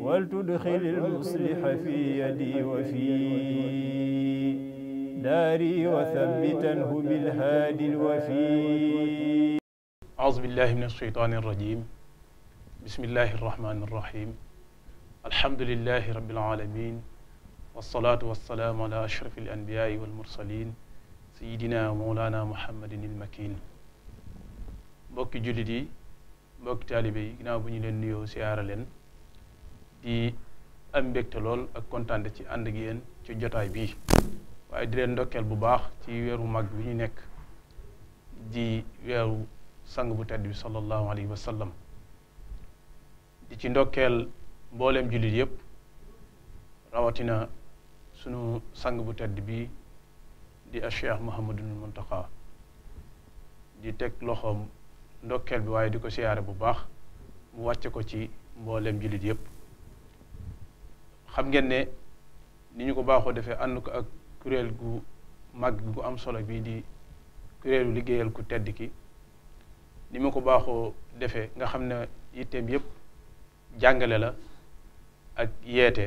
ولتدخل المصلح في يدي وفي داري وثبته بالهادي الوفي أعوذ بالله من الشيطان الرجيم بسم الله الرحمن الرحيم الحمد لله رب العالمين والصلاة والسلام على أشرف الأنبياء والمرسلين سيدنا مولانا محمد المكين mbokki jullit yi mbokki taalibe yi ginnaaw bu ñu leen nuyoo siyaara leen di am mbégte lool ak kontaante ci ànd ak ci jotaay bii waaye di leen ndokkeel bu baax ci weeru mag bi ñu nekk di weeru sang bu tedd bi sallallahu alayhi wa sallam di ci ndokkeel mbooleem jullit yépp rawatina sunu sang bu tedd bi di a cheikh Muhammadul Muntaqa di teg loxoom ndokkeel bi waaye di ko siyaare bu baax mu wàcce ko ci mbooleem jullit yépp xam ngeen ne ni ñu ko baaxoo defee ànd ko ak kuréel gu mag gu am solo bii di kuréelu liggéeyal ku tedd ki ni ma ko baaxoo defee nga xam ne yitteem yépp jàngale la ak yeete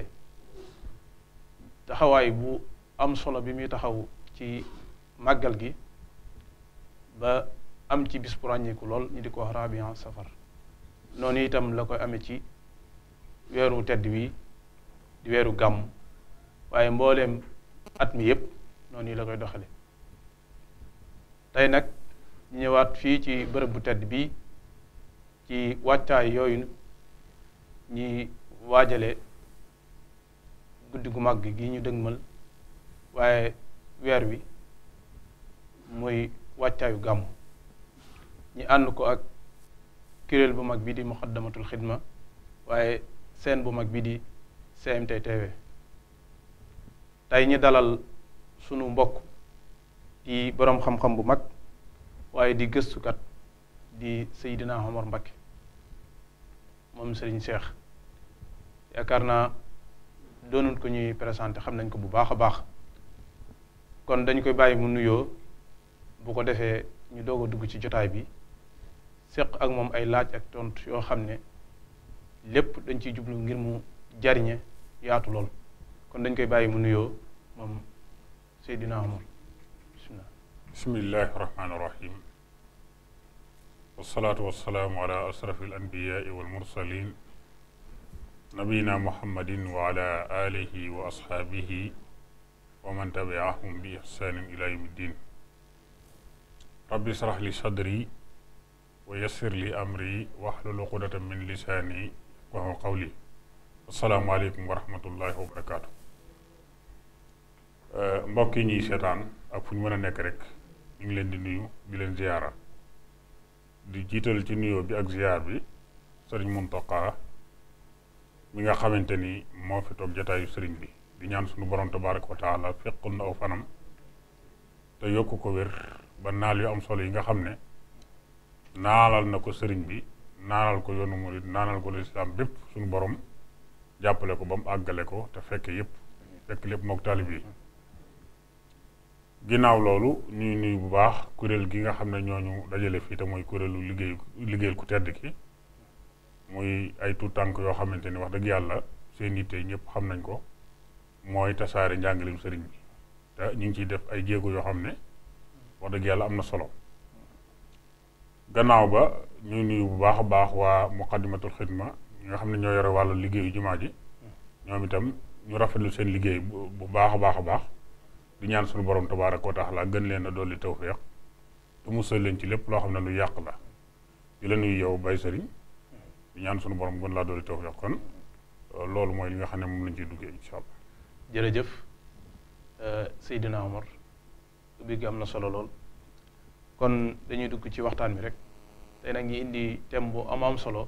taxawaay bu am solo bi muy taxaw ci màggal gi ba am ci bis bu ràññeeku lool ñu di ko wax Rabian Safar noonu itam la koy amee ci weeru tedd wi di weeru gàmm waaye mbooleem at mi yépp noonu la koy doxale tey nag ñu ñëwaat fii ci bërëb bu tedd bi ci wàccaay yooyu ñi waajale guddi gu màgg gi ñu dëgmal waaye weer wi muy wàccaayu gàmm ñi ànd ko ak kuréel bu mag bi di muxaddamatul xidma waaye seen bu mag bi di GMT TV tey ñi dalal sunu mbokk di boroom xam-xam bu mag waaye di gëstukat di Seydina Omar Mbacké moom Serigne Cheikh yaakaar naa doonul ko ñuy présenté xam nañ ko bu baax a baax kon dañ koy bàyyi mu nuyoo bu ko defee ñu doog a dugg ci jotaay bi seq ak moom ay laaj ak tontu yoo xam ne lépp dañ ciy jublu ngir mu jariñe yaatu lool kon dañ koy bàyyi mu nuyoo moom Seydina Omar bismillah bismillahi rahmaani rahim wasalaatu wasalaamu ala asrafi al anbiyai wal mursalin nabiyina muhammadin wa ala alihi wa ashaabihi wa man tabiahum bi ihsanin ila yawmi ddin rabbi shrah li sadri wa yassir li amri wahlul uqdatan min lisaani yafqahu qawli asalaamaaleykum wa rahmatullahi wa barakaatu. Euh, mbokk yi ñuy seetaan ak fu ñu mën a nekk rek ñu ngi leen di nuyu di leen ziyaara di jiital ci nuyoo bi ak ziyaar bi sëriñ Muntaqa mi nga xamante ni moo fi toog jataayu sëriñ bi di ñaan suñu borom tabaaraka wa taala fekkul na aw fanam te yokk ko wér ba naal yu am solo yi nga xam ne naalal na ko sëriñ bi naalal ko yoonu murid naalal ko lislaam bépp suñu borom jàppale ko ba mu àggale ko te fekk yëpp fekk lépp mook taalib yi ginnaaw loolu ñuy nuyu bu baax kuréel gi nga xam ne ñoo ñu dajale fii te mooy kuréelu liggéey liggéeyal ku tedd ki muy ay tut tànk yoo xamante ni wax dëgg yàlla seen yitte ñëpp xam nañ ko mooy tasaare njàngaleem sëriñ bi te ñu ngi ciy def ay jéego yoo xam ne wax dëgg yàlla am na solo gannaaw ba ñuy nuyu bu baax a baax waa muqaddimatul xidma ñi nga xam ne ñoo yore wàll liggéeyu jumaa ji ñoom itam ñu rafetlu seen liggéey bu baax a baax a baax di ñaan suñu borom tabaaraka wa laa gën leen a dolli tawféex mu musal leen ci lépp loo xam ne lu yàq la di la nuyu yow Baye Serigne di ñaan suñu borom gën laa dolli tawféex kon euh, loolu mooy li nga xam ne moom lañ ciy duggee incha allah. jërëjëf euh, Seydina Omar ubbi gi am na solo lool kon dañuy dugg ci waxtaan wi rek tey nag ñu indi tem bu am am solo.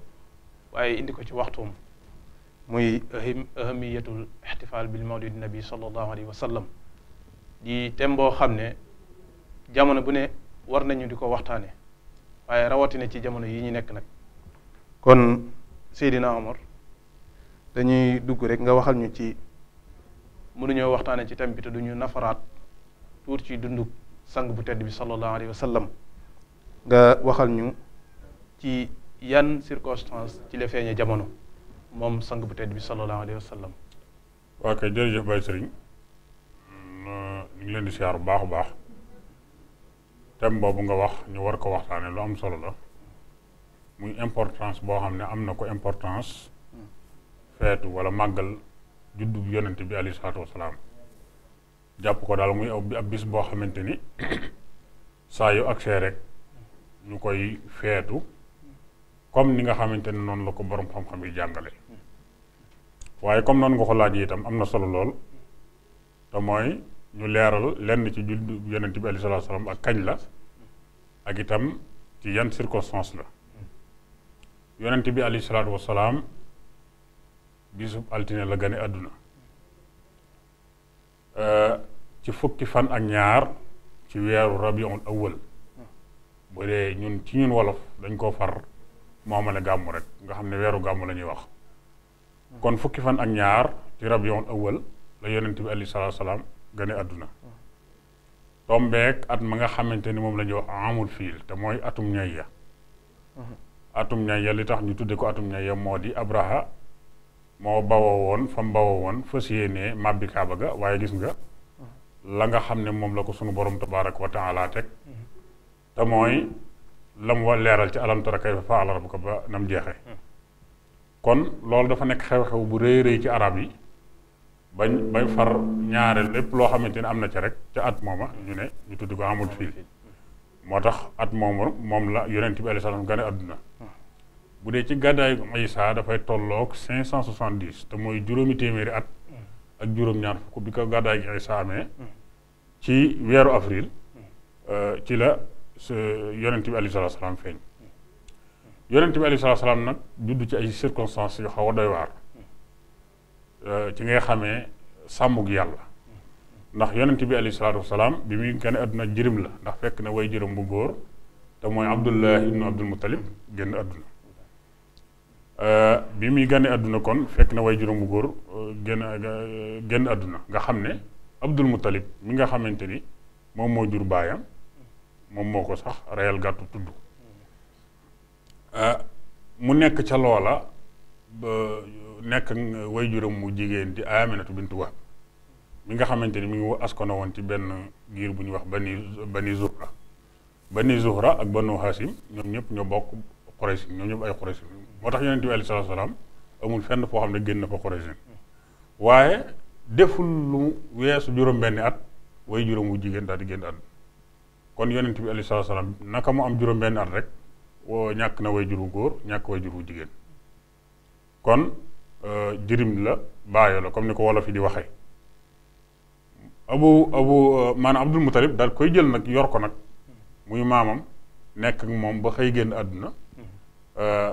waaye indi ko ci waxtuum muy ahamiyatul ixtifaal bil mawlid nabi sallallahu alayhi wa sallam di tem boo xam ne jamono bu ne war nañu di ko waxtaane waaye rawatina ci jamono yi ñu nekk nag kon Seydina Omar dañuy dugg rek nga waxal ñu ci mënuñoo waxtaane ci tem bi te duñu nafaraat tuur ci dundug sang bu tedd bi sallallahu alayhi wa sallam nga waxal ñu ci yan circonstance ci la feeñee jamono moom sang bu tedd bi sallallahu alayhi wa sallam waa kay jërëjëf Baye Sëriñ ñu leen di siyaar bu baax a baax thème boobu nga wax ñu war ko waxtaane lu am solo la muy importance boo xam ne am na ko importance feetu wala màggal juddub yonent bi alayhi salaatu wasalaam jàpp ko daal muy ab bis boo xamante ni saa yu rek ñu koy feetu comme ni nga xamante ne noonu la ko boroom xam-xam yi jàngale waaye comme noonu nga ko laaj itam am na solo lool te mooy ñu leeral lenn ci juddu yonent bi alayhi salaatu salaam ak kañ la ak itam ci yan circonstance la yonent bi alayhi salaatu wasalaam bisub altine la gane àdduna euh, ci fukki fan ak ñaar ci weeru rabiul awwal bu dee ñun ci ñun wolof dañ koo far mu amale gàmmu rek nga xam ne weeru gàmmu la ñuy wax kon fukki fan ak ñaar ci rabiul awal la yonent bi alayhi salaam gane àdduna tombeek at ma nga xamante ni moom la ñuy wax amul fiil te mooy atum ñay ya atum ñay ya li tax ñu tudde ko atum ñay ya moo di abraha moo bawoo woon fa mu bawoo woon fas yéenee màbbi kaaba ga waaye gis nga la nga xam ne moom la ko sunu borom tabaaraka wa taala teg mm-hmm. te mooy lam wa leeral ci alam tara la fa'ala ko ba nam jeexee kon loolu dafa nekk xew-xew bu rëy rëy ci arab yi bañ bay far ñaare lépp loo xamante ne am na ca rek ca at mooma ñu ne ñu tudd ko amul fii moo tax at moomu moom la yonent bi alayhi salaam gane àdduna bu dee ci gàddaayu Isaa dafay tolloog cinq cent soixante te mooy juróomi téeméeri at ak juróom-ñaar fukk bi ko gàddaayu Isaa amee ci weeru avril euh, ci la sa yonent bi alayhi salaatu salaam feeñ yonent bi alayhi salaatu salaam nag judd ci ay circonstances yu xaw a doy waar euh, ci ngay xamee sàmmug yàlla ndax yonent bi alayhi salaatu salaam bi muy gane àdduna jërim la ndax fekk na way jërim bu góor te mooy Abdullah ibnu Abdul Muttalib génn àdduna euh, bi muy gane àdduna kon fekk na way juróom bu góor euh, génn génn àdduna nga xam ne Abdul Muttalib mi nga xamante ni moom moo jur baayam moom moo ko sax reyal gàttu tudd ah, mu nekk ca loola ba nekk way juróom mu jigéen di Aminatu bintu Wahb mi nga xamante ni mu ngi askano woon ci benn giir bu ñu wax bani bani Zuhra bani Zuhra ak banu Hasim ñoom ñëpp ñoo bokk Quraysh ñoom ñëpp ay Quraysh moo tax yonent bi alayhi salaatu salaam amul fenn foo xam ne génn fa Quraysh waaye deful lu weesu juróom benni at way juróom wu jigéen daal di génn at kon yonent bi alayhi salaatu salaam naka mu am juróom-benn at rek ñàkk na way juru góor ñàkk way juru jigéen kon euh, jirim la baayo la comme ni ko wolof yi di waxe abu abu euh, maanaam abdul mutalib daal koy jël nag yor ko nag muy maamam nekk moom ba xëy génn àdduna euh,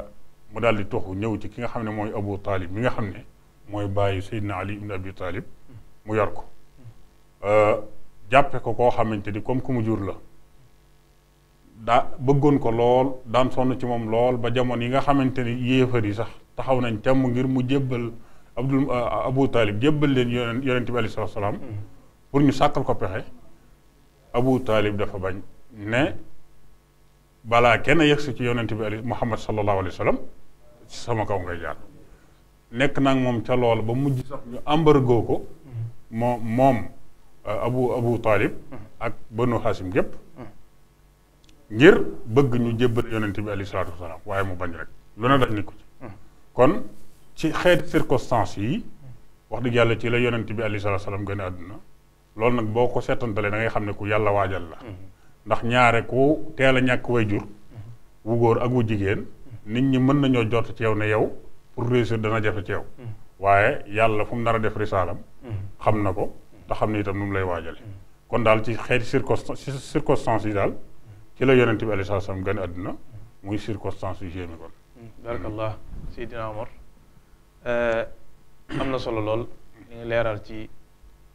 mu daal di toxu ñëw ci ki nga xam ne mooy abu taalib mi nga xam ne mooy bàyyi seydina ali ibn abi taalib mu yor ko jàppe ko koo xamante ni comme ku mu jur la da bëggoon ko lool daan sonn ci moom lool ba jamono yi nga xamante ni yéefar yi sax taxaw nañ temm ngir mu jébbal Abdul euh, Abu Taalib jébbal leen yonent yonent bi aleyhi salaatu wa salaam mm-hmm. pour ñu sàkkal ko pexe Abu Taalib dafa bañ ne balaa kenn si ci yonent bi aleyhi Muhammad sallallahu alayhi wa sallam ci sama kaw ngay jaar nekk nag moom ca lool ba mujj sax ñu embargo ko mm-hmm. moom moom euh, Abu Abu Taalib mm-hmm. ak Banu Xaasim gépp ngir bëgg ñu jébbal yonent bi alayhi salaatu wasalaam waaye mu bañ rek lu ne daj ni ko ci kon ci xeeti circonstance yi wax dëgg yàlla ci la yonent bi alayhi salaatu wasalaam gën a àdduna loolu nag boo ko seetantalee da ngay xam ne ku yàlla waajal la mm-hmm. ndax ñaare ku teel a ñàkk way jur mm-hmm. wu góor ak wu jigéen nit ñi mën nañoo jot ci yow ne yow pour réussir dana jafe ci yow mm-hmm. waaye yàlla fu mu nar a def risaalam xam na ko te xam ne itam nu mu lay waajale kon daal ci xeeti circonstance circonstance yi daal ci la yonent bi aleyhi salaatu salaam gën àdduna muy circonstance yu jéemi kon barakallah Seydina Omar eh, am na solo lool li ngi leeral ci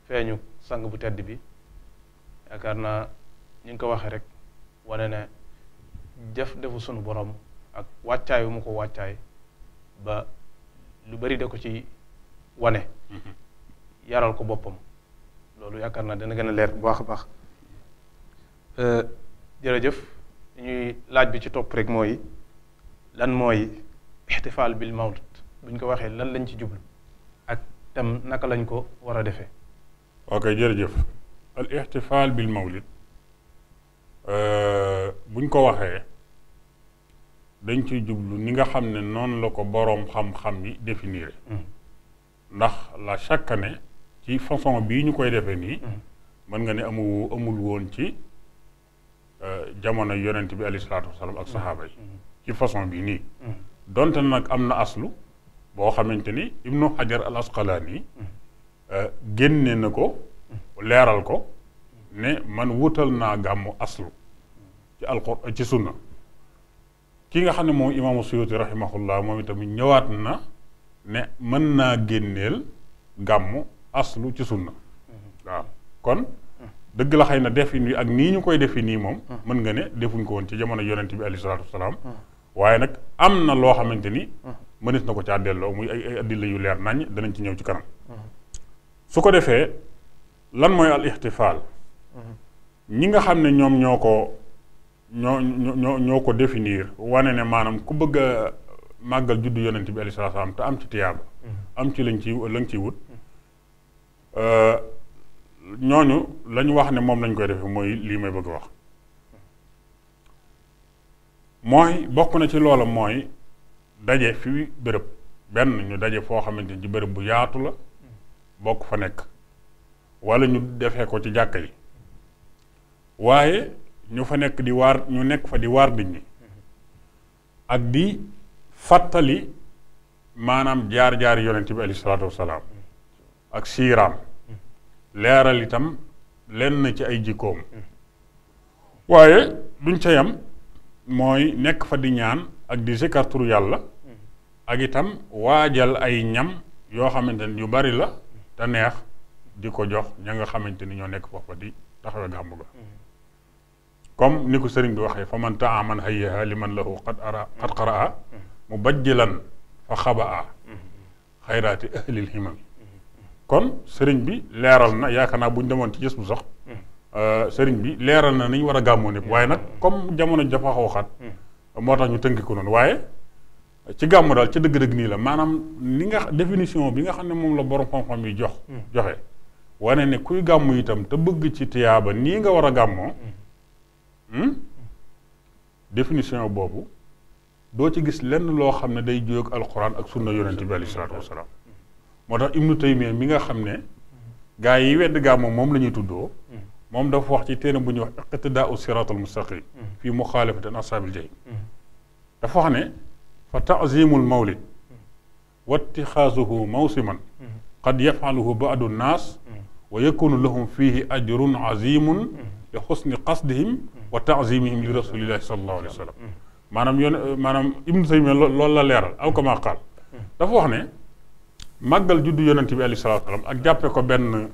feeñu sang bu tedd bi yaakaar naa ñu ngi ko waxee rek wane ne def defu sunu boroom ak wàccaay wu mu ko wàccaay ba lu bari de ko ci wane mm-hmm. yaral ko boppam loolu yaakaar naa dana gën a leer bu baax a baax eh, jërëjëf ñuy laaj bi ci topp rek mooy lan mooy ixtifaal bil mawlid buñ ko waxee lan lañ ci jublu ak tam naka lañ ko war a defee ok jërëjëf al ixtifaal bil mawlid euh, buñ ko waxee dañ ciy jublu ni nga xam ne noonu la ko boroom xam-xam yi définir hmm. ndax la chaque année ci façon bi ñu koy defee nii hmm. mën nga ne amu amul woon ci Euh, jamono yonent bi alayhi salaatu ak saxaaba yi mm-hmm. ci façon bii nii mm-hmm. donte nag am na aslu boo xamante ni ibnu xajar al asqalaani mm-hmm. euh, génne na ko leeral ko ne man wutal naa gàmmu aslu ci alqur ci sunna ki nga xam ne moom imaamu suyuti rahimahullah moom itamit ñëwaat na ne mën naa génneel gàmmu aslu ci sunna waaw kon dëgg la xëy na defin wi ak nii ñu koy defi nii moom hmm. mën nga ne defuñ ko woon ci jamono yonent bi alayhi salaatu wasalaam hmm. waaye nag am na loo xamante ni hmm. mënees na ko caa delloo muy ay ay addila yu leer nañ danañ ci ñëw ci kanam su ko defee lan mooy al ñi nga xam ne ñoom ñoo ko ñoo ñoo ko définir wane ne maanaam ku bëgg a màggal juddu yonent bi alayhi salaam te am ci tiyaaba am ci lañ ci lañ ciy wut euh, ñooñu la ñu wax ne moom lañ koy defee mooy lii may bëgg wax mooy bokk na ci loola mooy daje fi bërëb benn ñu daje foo xamante ci bërëb bu yaatu la bokk fa nekk wala ñu defe ko ci jàkka yi waaye ñu fa nekk di waar ñu nekk fa di waar nit ñi ak di fàttali maanaam jaar-jaar yonent bi alayhi salaatu wasalaam ak siiraam leeral itam lenn ci ay jikkoom waaye duñ ca yam mooy nekk fa di ñaan ak di sikar turu yàlla ak itam waajal ay ñam yoo xamante ni yu bari la te neex di ko jox ña nga xamante ni ñoo nekk foofa di taxawe gàmmu ga comme ni ko sëriñ bi waxee fa man taaman hayyaha li man lahu qad ara qad qaraa mm-hmm. mubajjilan fa xabaa mm-hmm. xayraati ahlil himam kon sëriñ bi leeral na yaakaar naa bu ñu demoon ci gis bu sax hmm. euh, sëriñ bi leeral na ni ñu war a gàmmoo népp hmm. waaye nag comme jamono dafa xaw xat hmm. moo tax ñu tënki ko noonu waaye ci gàmmu daal ci dëgg-dëgg nii la maanaam li nga définition bi nga xam ne moom la borom xam-xam yi jox joxe wane ne kuy gàmmu itam te bëgg ci tiyaaba nii nga war a gàmmoo définition boobu doo ci gis lenn loo xam ne day jóg alquran ak sunna yonent bi aleyhi salaatu wasalaam moo tax Ibnu Taymiya mi nga xam ne gaa yi wedd gaa moom moom la ñuy tuddoo mm. moom dafa wax ci téere bu ñuy wax iqtidaau siraatal mustaqim mm. fii muxaalafatin ashaabil jahim mm. dafa wax ne fa taazimul mawlid wa ittixaasuhu mawsiman qad yafaluhu baadu nnaas wa yakunu lahum fiihi ajrun azimun li xusni qasdihim wa taazimihim li rasulillahi sallallahu alayhi wa sallam maanaam yoon maanaam Ibnu Taymiya loolu la leeral aw kama qaal dafa wax ne màggal juddu yonent bi alayhi salaatu salaam ak jàppe ko benn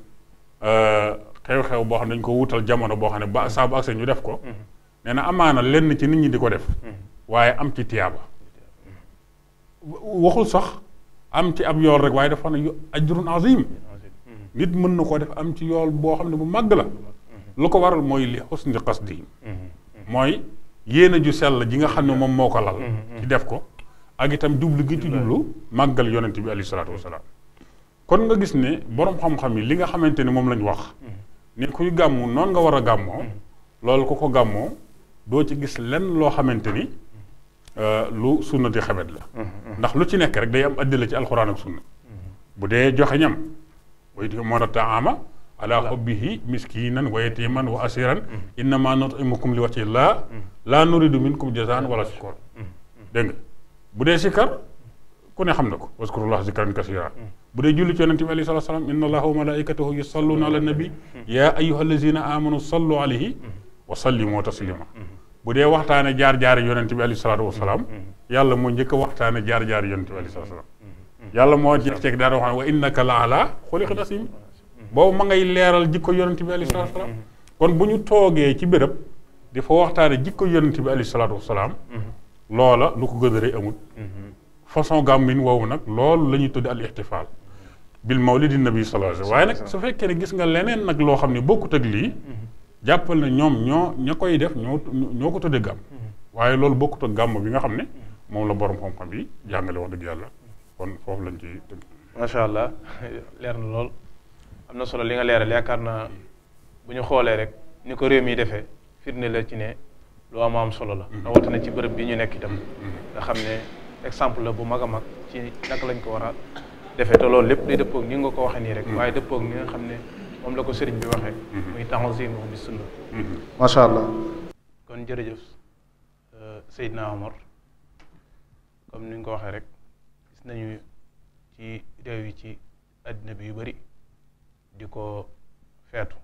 euh, xew-xew boo xam ne dañu ko wutal jamono boo xam ne bu ba mm-hmm. saa bu agsee ñu def ko mm-hmm. nee na amaana lenn ci nit ñi di ko def mm-hmm. waaye am ci tiyaaba waxul sax am ci ab yool rek waaye dafa ne ajrun azim nit mën na koo def am ci yool boo xam ne bu màgg la lu ko waral mooy li xusni qasdihim mooy yéena ju sell ji nga xam ne moom moo ko lal ci def ko ak itam jublu gi ci jublu màggal yonent bi alayhi salaatu wasalaam kon nga gis ne boroom xam-xam yi li nga xamante ni moom lañ wax ne kuy gàmmu noon nga war a gàmmoo loolu ko ko gàmmoo doo ci gis lenn loo xamante ni euh, lu sunna di xebet la ndax lu ci nekk rek day am addi la ci alxuraan ak sunna bu dee joxe ñam wayuti mën a taama ala xubbihi miskinan wa yatiman wa asiran innama nutimukum li wajhi llah la nuridu minkum jazaan wala shukor dégg nga bu dee sikkar ku ne xam na ko waskurullah zikran kasira bu dee julli ci yonente bi alayhi salatu salaam inna allaha wa malaikatahu yusalluna ala nabi yaa ayuha allazina amanu sallu alayhi wa sallimu taslima bu dee waxtaane jaar-jaari yonente bi alayhi salatu wasalaam yàlla moo njëkk a waxtaane jaar-jaari yonente bi alayhi salatu wasalaam yàlla moo ci ceeg daal wax ne wa innaka la ala xuliqin asim boobu ma ngay leeral jikko yonente bi alayhi salatu wasalaam kon bu ñu toogee ci béréb di fa waxtaane jikko yonente bi alayhi salatu wasalaam loola lu ko gën a rëy amul mhm. façon gàmmin woowu nag loolu la ñuy tuddi al ixtifaal bil mawlidi nabi sallallahu alayhi waaye nag su fekkee ne gis nga leneen nag loo xam ne bokkut ak lii mhm. jàppal na ñoom ñoo ña koy def ñoo ñoo ko tuddee gàmm mhm. waaye loolu bokkut gàmm bi nga xam ne moom la borom xam-xam yi jàngale dëgg yàlla kon foofu lañ ci tënk macha allah leer na lool am na solo li nga leeral yaakaar naa bu ñu xoolee rek ni ko réew mi defee firnde la ci ne lu am am solo la rawatina ci bërëb bi ñu nekk itam nga xam ne exemple la bu mag a mag ci naka lañ ko war a defee te loolu lépp day dëppoog ni nga ko waxee nii rek mm-hmm. waaye dëppoog ni nga xam ne moom la ko sëriñ bi waxee mm-hmm. muy tanzim bi sunna mm-hmm. macha allah kon jërëjëf euh, Seydina Omar comme ni nga ko waxee rek gis nañu ci réew yi ci àddina bi yu bari di ko feetu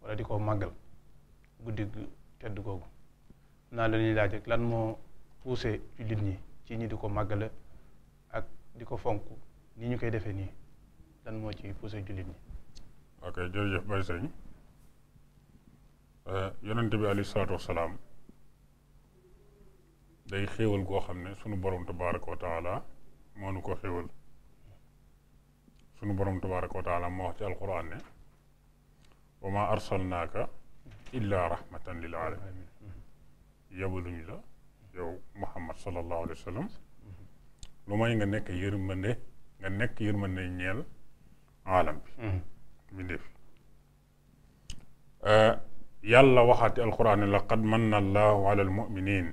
wala di ko màggal guddi tedd googu xam naa dañuy laaj rek lan moo poussé jullit ñi ci ñi di ko màggale ak di ko fonk ni ñu koy defee nii lan moo ci poussé jullit ñi. ok jërëjëf Baye Sëñ euh, yonent bi alayhi salaatu wasalaam day xéewal goo xam ne sunu borom tabaaraka wa taala moo nu ko xéewal sunu borom tabaaraka wa moo wax ci alquran ne wa ma arsalnaaka illa rahmatan lil alamin yabaluñu la yow Muhammad sallallahu alayhi wa sallam lu may nga nekk yërmande nga nekk yërmande ñeel aalam bi mm-hmm. mbindéef euh, yàlla waxaati alquran ne laqad manna allahu ala almuminin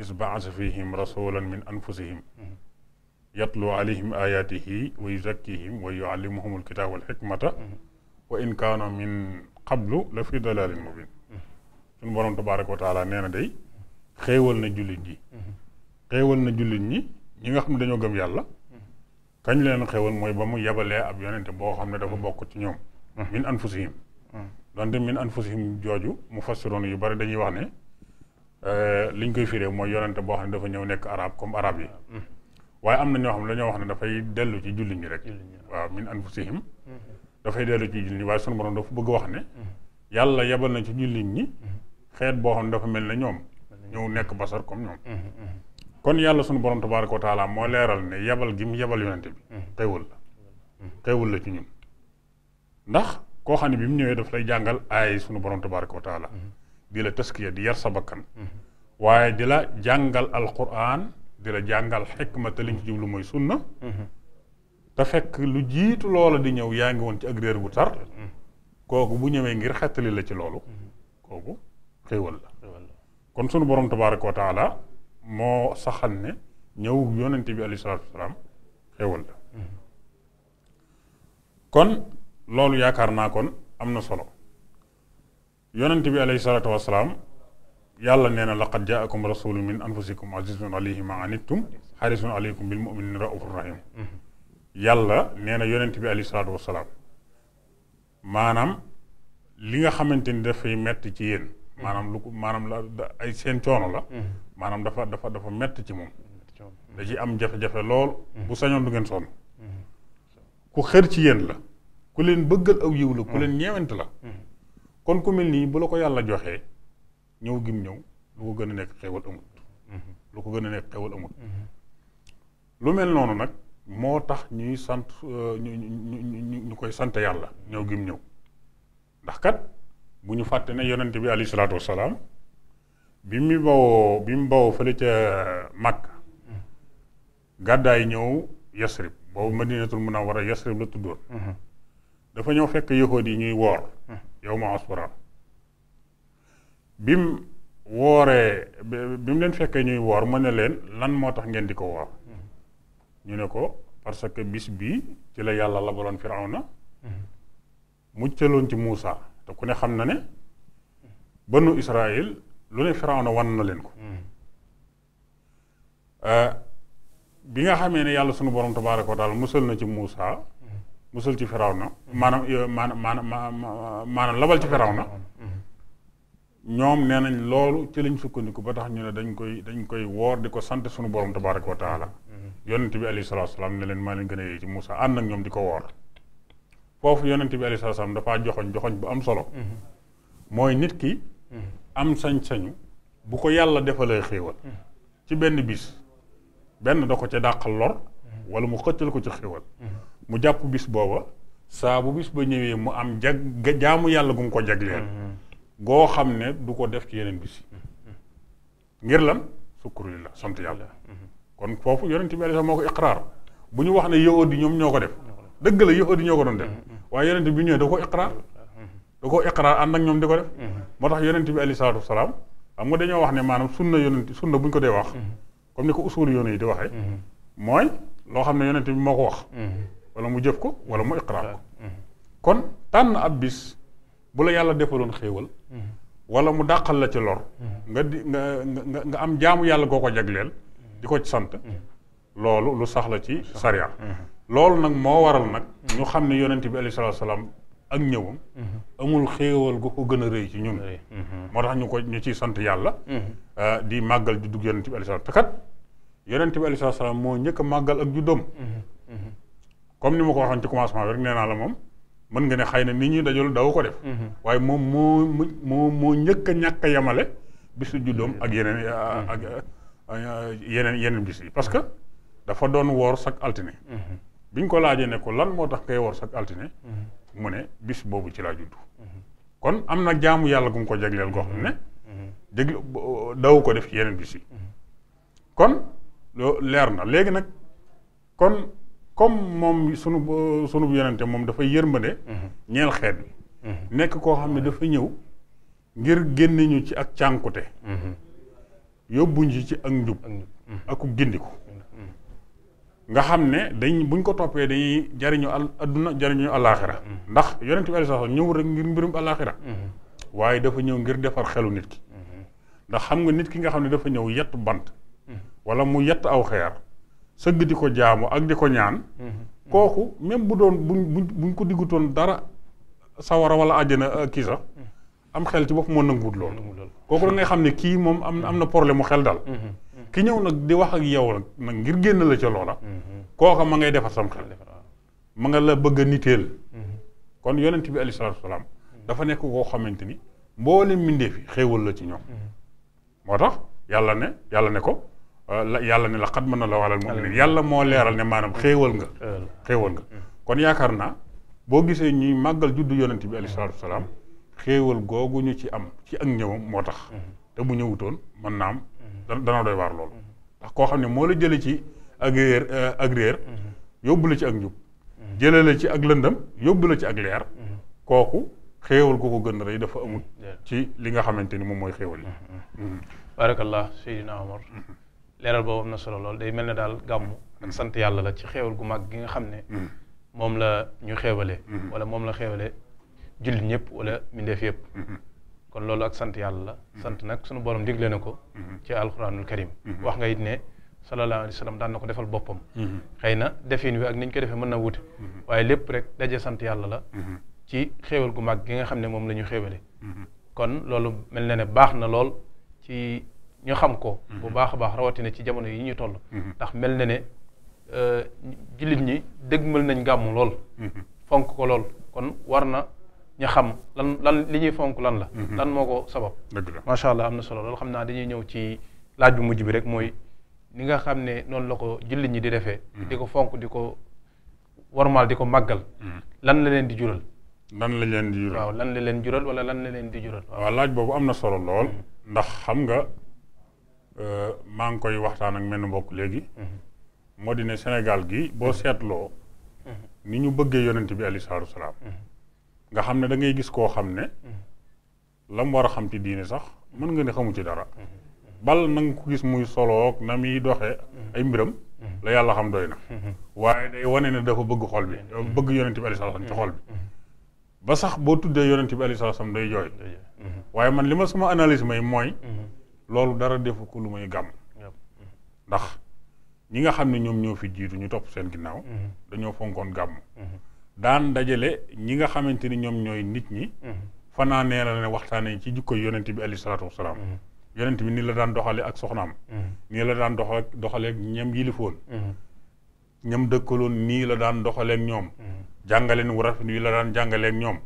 is baasa fihim rasulan min anfusihim mm-hmm. yatlu alayhim ayatihi wa yuzakkihim wa yuallimuhum alkitaba walxikmata mm-hmm. wa in kaanu min qablu la fi dalalin mubin suñu borom tabaaraka wa taala nee na day xéewal na jullit yi xéewal na jullit ñi ñi nga xam ne dañoo gëm yàlla kañ leen xéewal mooy ba mu yebalee ab yonente boo xam ne dafa bokk ci ñoom min anfusihim donte min anfusihim jooju mu fassiroon yu bari dañuy wax ne euh, liñ ñu koy firee mooy yonente boo xam ne dafa ñëw nekk arab comme arab yi waaye am na ñoo xam ne dañoo wax ne dafay dellu ci jullit ñi rek waaw min anfusihim mm-hmm. dafay dellu ci jullit ñi waaye sunu borom dafa bëgg wax yàlla yebal na ci jullit xeet boo xam ne dafa mel ne ñoom ñëw nekk basar comme mm-hmm, mm-hmm. kon yàlla sunu borom tabaaraka moo leeral ne yebal gi mu yebal yonente bi mm-hmm. la ci ndax koo xam ñëwee daf lay jàngal ay sunu borom tabaaraka la taskiya di yar sa bakkan di la jàngal alquran di la jàngal xikma te liñ ci mooy sunna te fekk lu jiitu loola di ñëw yaa ci ak réer gu kooku bu ñëwee ngir xettali la ci loolu kooku xéewal la kon sunu borom tabaaraka wa moo saxal ne ñëw yonente bi alayhi salaatu wasalaam xéewal la kon loolu yaakaar naa kon am na solo yonente bi alayhi salaatu wasalaam yàlla nee na laqad jaakum rasulun min anfusikum azizun alayhi ma anittum xarisun alaykum bil muminina raufur yàlla nee na yonent bi alayhi salaatu wasalaam maanaam li nga xamante ni dafay metti ci yéen maanaam lu ko maanaam la ay seen coono la mm-hmm. maanaam dafa dafa dafa metti ci moom mm-hmm. da ci am jafe-jafe lool mm-hmm. bu sañoon du ngeen sonn ku xër ci yéen la ku leen bëggal aw yiw la ku leen ñeewent la kon ku mel nii bu la ko yàlla joxee ñëw gim ñëw lu ko gën a nekk xewal amut lu ko gën a nekk xewal amut lu mel noonu nag moo tax ñuy sant euh, ñu ñu ñu koy sante yàlla ñëw gim ñëw ndax kat bu ñu fàtte ne yonent bi alayhi salaatu wasalaam bi mu bawoo bi mu bawoo fële ca Makka gàddaay ñëw Yasrib boobu Madinatul Munawwara Yasrib la tuddoon mhm. dafa ñëw fekk yahood yi ñuy woor mhm. yow ma asbara bi mu wooree bi mu leen fekkee ñuy woor mu ne leen lan moo tax ngeen di ko woor mhm. ñu ne ko parce que bis bii ci la yàlla la baloon Firawna muccaloon ci Muusa te ku ne xam na ne banu Israël lu ne na wan na leen ko mm. euh, bi nga xamee ne yàlla sunu borom tabaaraka wa taala musal na ci Muusa mm. musal ci Firawna mm. euh, maanaam maanaam maanaam labal ci Firawna ñoom nee nañ loolu ci lañ sukkandiku ba tax ñu ne dañ koy dañ koy woor di ko sant sunu borom tabaaraka wa taala yonent bi alayhi salaatu wa salaam ne leen maa leen gën a yee ci Muusa ànd ak ñoom di ko woor foofu yonent bi alayhi salaam dafaa joxoñ joxoñ bu am solo mhm. mooy nit ki mhm. am sañ-sañu bu ko yàlla defalee xéewal mhm. ci benn bis benn da ko ca dàqal lor wala mu xëccal ko ci xéewal mu jàpp bis booba saabu bu bis ba ñëwee mu am jag jaamu yàlla gu ko ko jagleel goo xam ne du ko def ci yeneen bis yi ngir lan sukkurulillah sant yàlla kon foofu yonent bi alayhi salaam moo ko iqraar bu ñu wax ne yahudi ñoom ñoo ko def dëgg la yahudi ñoo ko doon def mm-hmm. waaye yonent bi ñëwee da ko iqraar da ko iqraar ànd ak ñoom di ko def mm-hmm. moo tax yonent bi aleyhi salaatu wasalaam xam nga dañoo wax ne maanaam sunna yonent sunna bu ñu ko dee wax kom mm-hmm. ni ko usul yoon yi di waxee mooy loo xam ne yonent bi moo ko wax wala mu jëf ko wala mu iqraar ko kon tànn ab bis bu la yàlla defaloon xéewal wala mu dàqal la ci lor nga di nga nga nga am jaamu yàlla goo ko jagleel di ko sant loolu lu sax la ci sariya loolu nag moo waral nag ñu xam ne yonent bi alayhi salaatu salaam ak ñëwam mhm. amul xéewal gu ko gën a rëy ci ñun mhm. moo tax ñu ko ñu ciy sant yàlla mhm. euh, di màggal juddug yonent bi alayhi salaam te kat yonent bi alayhi salaatu salaam moo njëkk màggal ak juddoom comme ni ma ko waxoon ci commencement bi rek nee naa la moom mën nga ne xay na ni ñi dajul daw ko def waaye moom moo moo moo njëkk a ñàkk a yemale bisu juddoom ak yeneen ak yeneen yeneen bis yi parce que dafa doon woor sak altine biñ ko laajee ne ko lan moo tax ngay wor sax altine mu ne bis boobu ci laa juddu kon am na jaamu yàlla gu mu ko jagleel goo xam ne jégl daw ko def ci yeneen bis yi kon leer na léegi nag kon comme moom sunu sunu yonente moom dafay yërmande ñeel xeet bi nekk koo xam ne dafa ñëw ngir génne ñu ci ak cànkute mhm. yóbbu ci ci ak njub aku gindiku nga xam ne dañ buñ ko toppee dañuy jariñu al adduna jariñu àllaaxira mm-hmm. ndax yonent bi aleyhi salaam ñëwul rek mbirum àllaaxira mm-hmm. waaye dafa ñëw ngir defar xelu nit ki mm-hmm. ndax xam nga nit ki nga xam ne dafa ñëw yett bant wala mu yett aw xeer sëgg di ko jaamu ak di ko ñaan kooku même bu doon buñ buñ ko diggutoon dara sawara wala àjjana euh, kii sax am xel ci bopp moo nanguwut loolu kooku da xam ne kii moom am am na problème mu xel dal ki ñëw nag di wax ak yow nag ngir génn la ca loola. Mm-hmm. kooka ma ngay defar sam xel. ma nga la bëgg a niteel. Mm-hmm. kon yonent bi alayhi salaatu salaam. Mm-hmm. dafa nekk koo xamante ni mboolem mbindeef yi xéewal la ci ñoom. moo tax yàlla ne yàlla ne ko euh, yàlla ne la xat mën na la walal moom yàlla moo leeral ne maanaam xéewal nga. xéewal nga kon yaakaar naa boo gisee ñuy màggal juddu yonent bi alayhi salaatu salaam xéewal googu ñu ci am ci ak ñëwam moo tax. te bu ñëwutoon mën naa am dana doy waar loolu ndax koo xam ne moo la jële ci ak réer euh, ak réer yóbbu la ci ak njub jële la ci ak lëndëm yóbbu la ci ak leer kooku xéewal gu ko gën a rëy dafa amul ci li nga xamante ni moom mooy xéewal yi barakallah Seydina Omar leeral boobu am na solo lool day mel ne daal gàmmu ak sant yàlla la ci xéewal gu mag gi nga xam ne moom la ñu xéewalee mm-hmm. wala moom la xéewalee jullit ñëpp walla mindeef yëpp kon loolu ak sant yàlla la mhm. sant nag sunu borom digle na ko mhm. ci alxuraanul karim mhm. wax nga it ne sallallahu alayhi wa sallam daan na ko defal boppam xëy na defin wi ak niñ ko defee mën na wute waaye lépp rek daje sant yàlla la ci xéewal gu mag gi nga xam ne moom la ñu xéewale kon loolu mel na ne baax na lool ci ñu xam ko bu baax a baax rawatina ci jamono yi ñu toll ndax mel na ne euh, jullit ñi dëgmal nañ gàmmu lool fonk ko lool kon war na ñu xam lan lan li ñuy fonk lan la. Mhm. lan moo ko sabab. dëgg la macha allah am na solo loolu xam naa dañuy ñëw ci laaj bi mujj bi rek mooy ni nga xam ne noonu la ko jullit ñi di defee. Mhm. di ko fonk di ko warmaal di ko màggal. Mhm. lan la leen di jural. lan la leen di jural waaw lan la leen jural wala lan la leen di jural. waaw laaj boobu am na solo lool. ndax xam nga euh, maa ngi koy waxtaan ak menn mbokk léegi. moo di ne Sénégal gi boo seetloo. ni ñu bëggee yonent bi alayhi salaatu wa salaam. nga xam ne da ngay gis koo xam ne la mu war a xam ci diine sax mën nga ne xamu ci dara bal na nga ko gis muy soloog na muy doxe ay mbiram la yàlla xam doy na waaye day wane ne dafa bëgg xol bi bëgg yonent bi alayhi salaam ci xol bi ba sax boo tuddee yonent bi alayhi salaam day jooy waaye man li ma sama analyse may mooy loolu dara def ko lu may gàmm ndax ñi nga xam ne ñoom ñoo fi jiitu ñu topp seen ginnaaw dañoo fonkoon gàmm daan dajale ñi nga xamante ni ñoom ñooy nit ñi mhm. fanaa nee la ne waxtaanee ci jikko yonent bi alayhi salaatu wasalaam mhm. yonent bi nii la daan doxale ak soxnaam mhm. nii la daan doxale doxale ak ñam yilifoon ñam dëkkaloon nii la daan doxaleek ñoom wu rafet wi la daan jàngaleek ñoom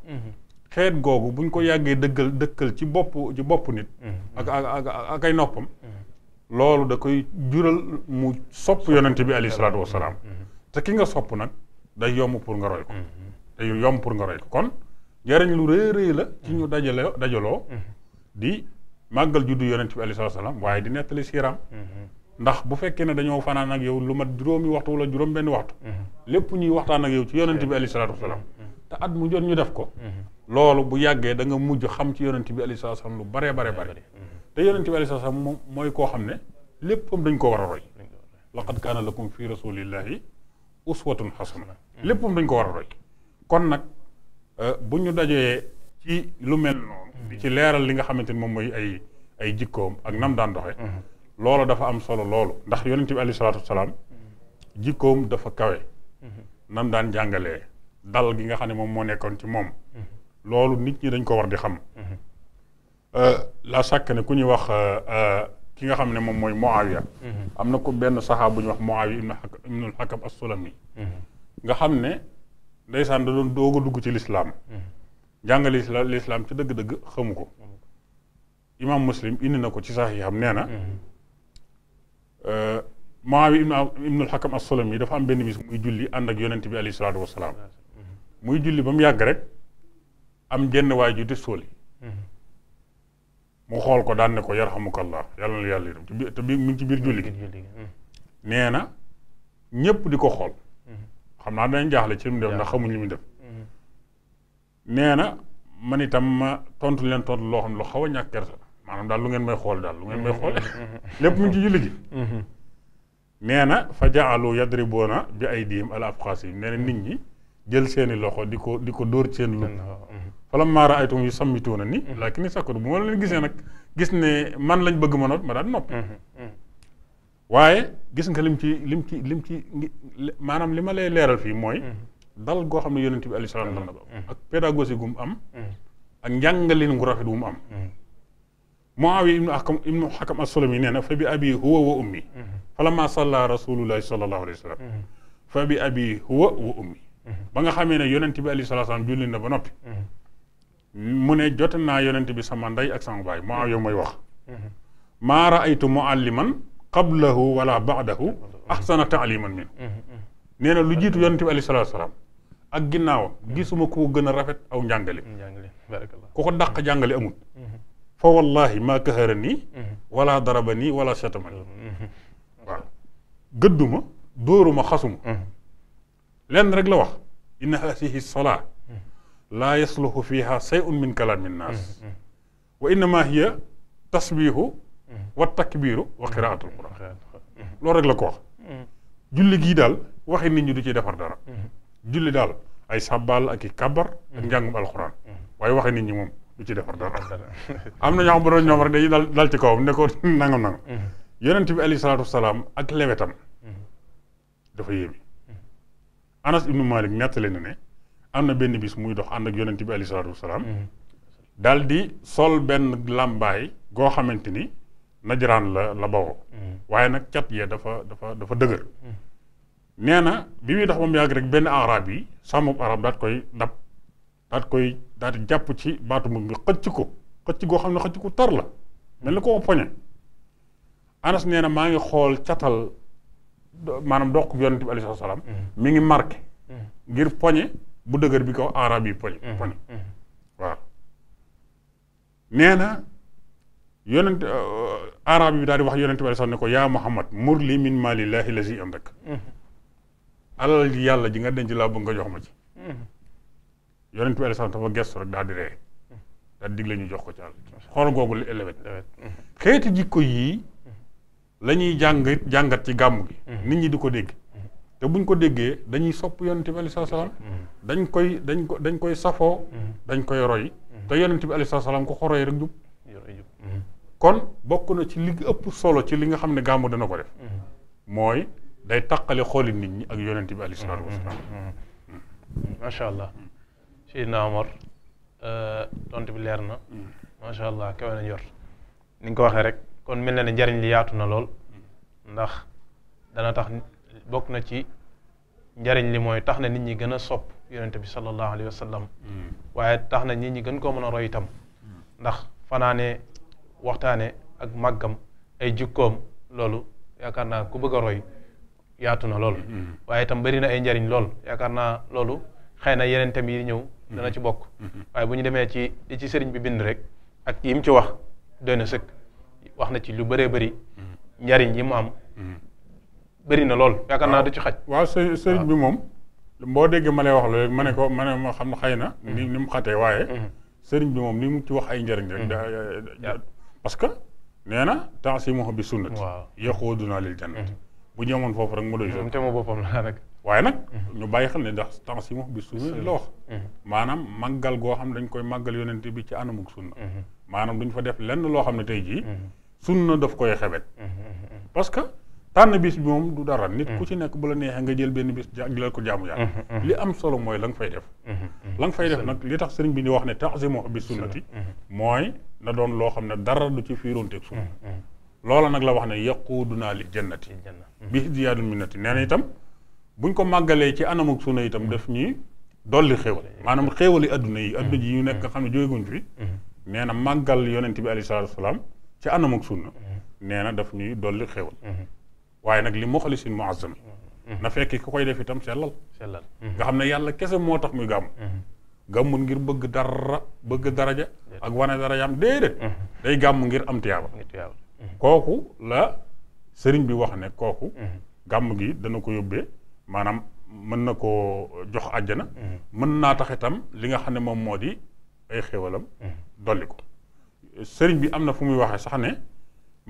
xeet googu buñ ko yàggee dëggal dëkkal ci bopp ci bopp nit ak ak ak ay noppam loolu da koy jural mu sopp yonent bi alayhi salaatu wasalaam te ki nga sopp nag day yomb pour nga roy ko. Mm-hmm. day yomb pour nga roy kon njëriñ lu rëy la. ci ñu dajale dajaloo. Mm-hmm. di màggal juddu yonent bi aleyhi salaatu salaam waaye di nettali siiraam. Mm-hmm. ndax bu fekkee ne dañoo fanaan ak yow lu mat juróomi waxtu wala juróom-benn waxtu. lépp ñuy waxtaan ak yow ci yonent bi aleyhi salaatu salaam. at mu jot ñu def ko. loolu bu yàggee da nga mujj xam ci yonent bi aleyhi salaatu lu baree baree bare. te yonent bi aleyhi salaatu salaam mooy koo xam ne léppam dañ ko war a roy. laqad kaana lakum fi rasulillahi uswatun xasana léppam dañ ko war a roy kon nag euh, bu ñu dajee ci lu mel noonu mhm. di ci leeral li nga xamante ni moom mooy ay ay jikkoom ak nam daan doxe mhm. loolu dafa am solo loolu ndax yonent bi alayhi salaatu mhm. dafa kawe nam daan jàngalee dal gi nga xam ne moom moo nekkoon ci moom loolu nit ñi dañ ko war di xam euh, la sàkk ne ku ñuy wax euh, ki nga xam ne moom mooy Muawiya mm-hmm. am na ko benn saxaaba bu ñuy wax Muawiya ibn ibnul Hakam as-Sulami mm-hmm. nga xam ne ndeysaan da doon doog a dugg ci lislaam mm-hmm. jàngale lislaam ci dëgg-dëgg xamu ko imaam Muslim indi na ko ci sax yi xam nee na uh, Muawiya ibnul Hakam as-Sulami dafa am benn bis muy julli ànd ak yonent bi alayhi salaatu muy julli ba mu yàgg rek am jenn waay ju di sóoli mu xool ko daal ne ko yarhamukallah yàlla na yàlla yërëm te bi te bi mu ngi ci biir julli gi hmm. nee na ñëpp di ko xool hmm. xam naa dañ jaaxle ci li mu def ndax xamuñ mu def hmm. nee na man itam ma tontu leen tontu loo xam lu xaw a ñàkk kersa maanaam daal lu ngeen may xool daal lu ngeen may lépp mu ngi ci julli gi nee na fa jaalu yadriboona bi aydihim al afqasim nee na nit ñi jël seeni loxo di ko di ko dóor seen lu wala maara aytum yu sammituuna ni laakin ni sakkoon bu ma leen gisee nag gis ne man lañ bëgg ma noot ma daan noppi mm-hmm, mm-hmm. waaye gis nga lim ci lim ci lim ci maanaam li ma lay leeral fii mooy mm-hmm. dal goo xam ne yonent bi alayhi salaam dal mu am ak njàngalin gu rafet wu mu am Muawiya ibnu Hakam ibnu Hakam as nee na fa bi abi huwa wa ummi falamma salla rasulullahi sallallahu alayhi wa ba nga xamee ne yonent bi alayhi salaam julli na ba noppi mu ne jot naa yonent bi sama ndey ak sama baay Muawiya mooy mm-hmm. wax mm-hmm. maa raaytu mualliman qablahu wala baadahu ahsana taaliman min mm-hmm. nee na lu jiitu yonent bi alayhi salaatu salaam ak ginnaawam gisuma ku ko gën a rafet aw njàngale ku ko dàq jàngale amul fa wallahi maa kahara nii wala daraba nii wala chatama nii waaw gëdduma dóoruma xasuma lenn rek la wax inna haasihi salaa laa yasluhu fiha shay'un min kalaami nnaas mm-hmm, mm-hmm. wa innama hiya tasbiihu mm-hmm. wa takbiiru wa quraan loolu rek la ko wax julli gii daal waxi nit ñi du ci defar dara julli daal ay sàbbaal ak i kàbbar ak njàngum alxuraan waaye waxi nit ñi moom du ci defar dara am na ñoo xam bu ñoom rek dañuy dal ci kawam ne ko nangam nangam yonent bi alayhi salaatu wasalaam ak lewetam dafa yéeme anas ibnu malik nettali na ne am na benn biis muy dox ànd ak yonent bi aleyhi salaatu wasalaam mhm. di sol benn làmbaay goo xamante ni najraan la la bawoo mhm. waaye nag cat yee dafa dafa dafa dëgër mhm. nee na bi muy dox ba mu yàgg rek benn arab yi sàmmub arab daat koy dab daat koy jàpp ci baatu mu xëcc ko xëcc goo xam ne xëcc ko tar la mel ni ko poñe anas nee na maa ngi xool catal maanaam dox yonent bi aleyhi salaatu wasalaam mi ngi marqué ngir poñe bu dëgër bi kaw arab yi poñi mhm. poñi mhm. waaw nee na yonent arab euh, euh, bi daal wax yonent bi sax ne ko yaa Muhammad mur li min maalillaahi lazi indak mhm. alal ji yàlla ji nga denc laa bëgg nga jox ma ci yonent bi sax dafa gestu rek daal di ree daal dig la ñu jox ko ci àll xool googu lewet xeeti jikko yii la ñuy jàng jàngat ci gàmm gi nit ñi di ko dégg te buñ ko déggee dañuy sopp yonent bi aleyhi salaam dañ koy dañ ko dañ koy safoo dañ koy roy te yonent bi aleyhi salaam ku ko roy rek jub kon bokk na ci li ëpp solo ci li nga xam ne gàmmu dana ko def mooy day taqale xooli nit ñi ak yonent bi aleyhi salaatu wasalaam macha allah Seydina Omar euh, tontu bi leer na macha allah kawe nañ yor ni nga ko waxee rek kon mel na ne njariñ li yaatu na lool ndax dana tax bokk na ci njariñ li mooy tax na nit ñi gën a sopp yonente bi sallallahu alayhi wa sallam mm. waaye tax na nit ñi gën koo mën a roy itam mm. ndax fanaane waxtaane ak màggam ay jikkoom loolu yaakaar naa ku bëgg a roy yaatu na lool mm. waaye itam bari na ay njariñ lool yaakaar naa loolu xëy na yeneen tam yi ñëw mm-hmm. dana ci bokk mm-hmm. waaye bu ñu demee ci ci sëriñ bi bind rek ak yim ci wax doy na sëkk wax na ci lu bëree bëri njariñ yi mu am bëri na lool. yaakaar naa du ci xaj. waaw së sëriñ bi moom. mboo déggee ma lay wax loolu ma ne ko ma ne ma xam ne xëy na. Mm-hmm. ni ni mu xatee waaye. Mm-hmm. sëriñ bi moom ni mu ci wax ay njariñ rek. Mm-hmm. da parce que nee na taasimuhu bi sunnati. waaw yaxuuduna lil jannati bu ñu amoon foofu rek mu doy. moom te mu boppam rek. waaye nag ñu bàyyi xel ne ndax taasimuhu bi sunnati la wax. maanaam màggal goo xam ne dañ koy màggal yonent bi ci anamuk sunna. maanaam duñ fa def lenn loo xam ne tey jii. sunna daf koy xebet. parce tànn bis bi moom du dara. nit ku mm-hmm. ci nekk bu la neexee nga jël benn bis ja jëlal ko jaamu yàlla. Mm-hmm. li am solo mooy la nga fay def. Mm-hmm. la nga fay def nag li tax sëriñ bi di wax ne ta'zimu bi sunnati. mooy na doon loo xam ne dara du ci fiironteeg sunna. loola nag la wax ne yaquudunaa li jannati. bi ziyaadul minnati nee na bu buñ ko màggalee ci anamuk sunna itam def ñuy dolli xéwal maanaam xéwali adduna yi. adduna ji ñu nekk nga xam ne jógeguñ fi. nee na màggal yonent bi alayhi salaatu wa salaam ci anamuk sunna. nee na daf ñuy dolli xew waaye nag li muxalisin muazzam mm-hmm. na fekk ku koy def itam sellal sellal mm-hmm. nga xam ne yàlla kese moo tax muy gàmm mm-hmm. gàmmul ngir bëgg dara bëgg daraja ak wane darajaam déedéet day gàmm ngir am tiyaaba kooku la sëriñ bi wax ne kooku gàmm gi dana ko yóbbee maanaam mën na koo jox àjjana mën naa tax itam li nga xam ne moom moo di ay xéwalam dolli ko sëriñ bi am na fu muy waxee sax ne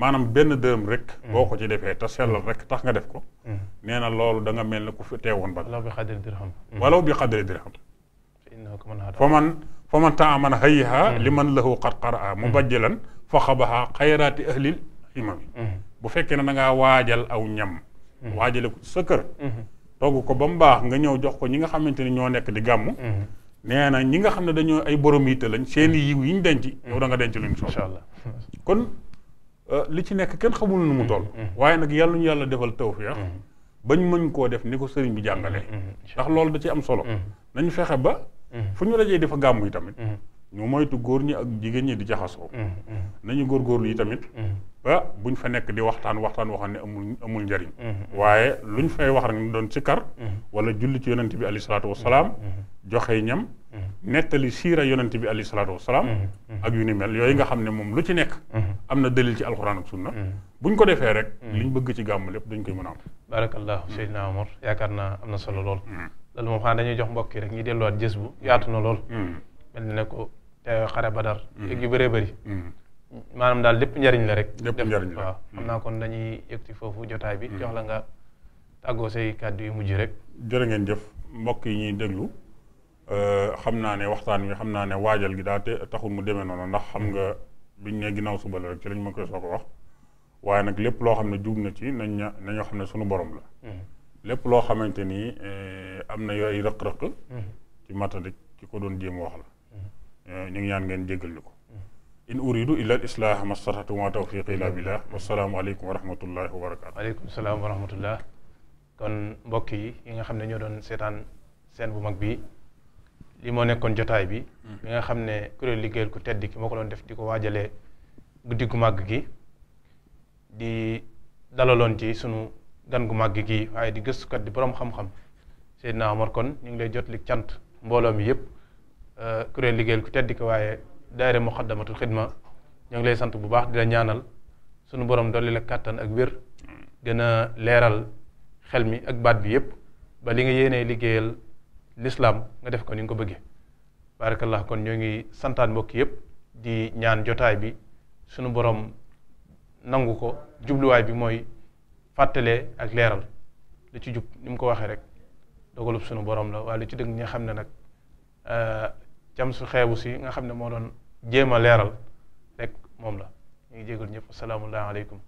maanaam benn dërëm rek. Mm. boo ko ci defee te sellal rek tax nga def ko. Mm. nee na loolu danga mel ne ku fi teewoon ba. walaw bi xadri dirham. Mm. walaw bi xadri dirham. fa man fa man taaman hayha li man lahu qad qaraa mubajjalan fa xabaha xayraati ahlil imami bu fekkee ne da waajal aw ñam. waajale ko sa kër. togg ko ba mu baax nga ñëw jox ko ñi nga xamante ne ñoo nekk di gàmm. nee na ñi nga xam ne dañoo ay borom yitte lañ seen yiw yi ñu denc. yow da nga denc luñ soxla. kon Euh, li ci nekk kenn xamul nu mu mm-hmm. toll. Mm-hmm. waaye nag yàlla ñu yàlla defal tawfiix mm-hmm. ba ñu mën koo def ni ko sëriñ bi jàngalee. ndax loolu da ci am solo. nañu fexe ba. fu ñu dajee dafa gàmmu yi tamit. ñu moytu góor ñi ak jigéen ñi di jaxasoo. nañu góor góorgóorlu yi tamit. ba ñu fa nekk di waxtaan waxtaan waxoon ne amul amul njariñ. waaye lu ñu fay wax rek ñu doon sikkar. wala julli ci yonent bi alayhi salaatu wa salaam. joxe ñam. nettali siira yonent bi alayhi salaatu wa salaam. ak yu ni mel yooyu nga xam ne moom lu ci nekk mhm. am na dalil ci alxuraan ak sunna mhm. buñ ko defee rek mhm. li ñu bëgg ci gàmm lépp dañ koy mën a am barakallahu Seydina Omar yaakaar naa am na solo lool loolu moom xanaa dañuy jox mbokk yi rek ñu delluwaat jës bu yaatu na lool mel ne ko te xare ba badar yëg yu bëree bëri maanaam daal lépp njariñ la rek lépp njariñ la waaw xam naa kon dañuy yëgti foofu jotaay bi jox la nga tàggoo say kàddu yu mujj rek jërë ngeen jëf mbokk yi ñuy déglu Euh, xam naa ne waxtaan wi xam naa ne waajal gi daal te taxul mu demee noonu ndax xam nga biñ ne ginnaaw suba la rek ci lañ ma koy soo ko wax waaye nag lépp loo xam ne jub na ci nañ ña nañoo xam ne sunu borom la. Mm-hmm. lépp loo xamante ni eh, am na yooyu rëq-rëq. Mm-hmm. ci ko doon jéem wax mm-hmm. eh, ñu ngi ñaan ngeen jéggal ñu ko. in uridu illa al islah mastatatu ma tawfiqi illa billah wassalaamu aleykum wa wa barakatu aleykum salaam wa kon mbokk yi yi nga xam ne ñoo doon seetaan seen bu mag bi lii moo nekkoon jotaay bi. bi nga xam ne kuréel liggéeyal ku tedd ki moo ko doon def di ko waajale guddi gu màgg gi di dalaloon ci sunu gan gu màgg gi waaye di gëstukat di borom xam-xam Seydina Omar kon ñu ngi lay jot li cant mbooloo mi yëpp euh, kuréel liggéeyal ku tedd ki waaye daayira Muxaddamatul Xidma ñu ngi lay sant bu baax di la ñaanal sunu borom dolli la kàttan ak wér gën a leeral xel mi ak baat bi yëpp ba li nga yéenee liggéeyal. lislaam nga def ko ni nga ko bëggee barakallah kon ñoo ngi santaan mbokk yëpp di ñaan jotaay bi sunu borom nangu ko jubluwaay bi mooy fàttalee ak leeral lu ci jub ni mu ko waxee rek dogalub sunu borom la waaye lu ci dëgg ñi nga xam ne nag euh, jam su xeebu si nga xam ne moo doon jéem a leeral rek moom la ñu ngi jégal ñëpp asalaamu aleykum